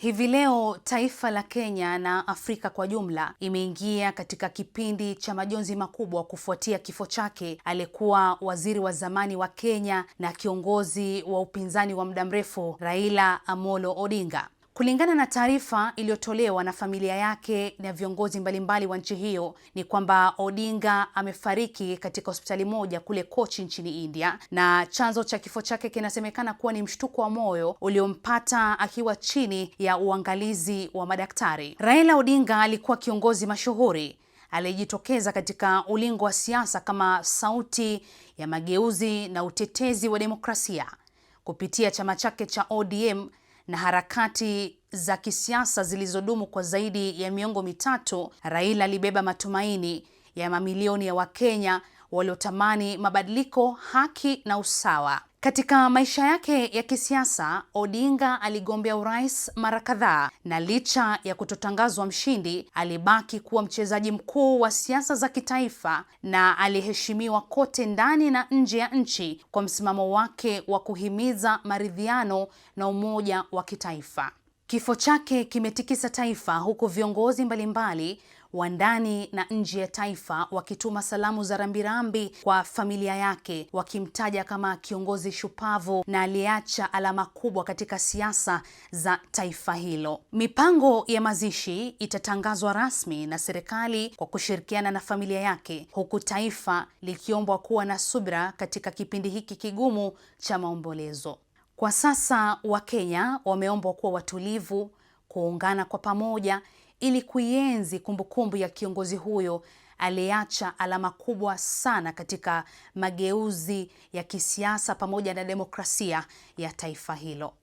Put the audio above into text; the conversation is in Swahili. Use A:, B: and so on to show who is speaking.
A: Hivi leo taifa la Kenya na Afrika kwa jumla imeingia katika kipindi cha majonzi makubwa kufuatia kifo chake aliyekuwa waziri wa zamani wa Kenya na kiongozi wa upinzani wa muda mrefu Raila Amolo Odinga. Kulingana na taarifa iliyotolewa na familia yake na viongozi mbalimbali wa nchi hiyo ni kwamba Odinga amefariki katika hospitali moja kule Kochi nchini India, na chanzo cha kifo chake kinasemekana kuwa ni mshtuko wa moyo uliompata akiwa chini ya uangalizi wa madaktari. Raila Odinga alikuwa kiongozi mashuhuri aliyejitokeza katika ulingo wa siasa kama sauti ya mageuzi na utetezi wa demokrasia kupitia chama chake cha ODM na harakati za kisiasa zilizodumu kwa zaidi ya miongo mitatu, Raila alibeba matumaini ya mamilioni ya Wakenya waliotamani mabadiliko, haki na usawa. Katika maisha yake ya kisiasa, Odinga aligombea urais mara kadhaa na licha ya kutotangazwa mshindi, alibaki kuwa mchezaji mkuu wa siasa za kitaifa na aliheshimiwa kote ndani na nje ya nchi kwa msimamo wake wa kuhimiza maridhiano na umoja wa kitaifa. Kifo chake kimetikisa taifa huku viongozi mbalimbali wa ndani na nje ya taifa wakituma salamu za rambirambi kwa familia yake, wakimtaja kama kiongozi shupavu na aliyeacha alama kubwa katika siasa za taifa hilo. Mipango ya mazishi itatangazwa rasmi na serikali kwa kushirikiana na familia yake, huku taifa likiombwa kuwa na subira katika kipindi hiki kigumu cha maombolezo. Kwa sasa Wakenya wameombwa kuwa watulivu, kuungana kwa pamoja ili kuienzi kumbukumbu ya kiongozi huyo aliyeacha alama kubwa sana katika mageuzi ya kisiasa pamoja na demokrasia ya taifa hilo.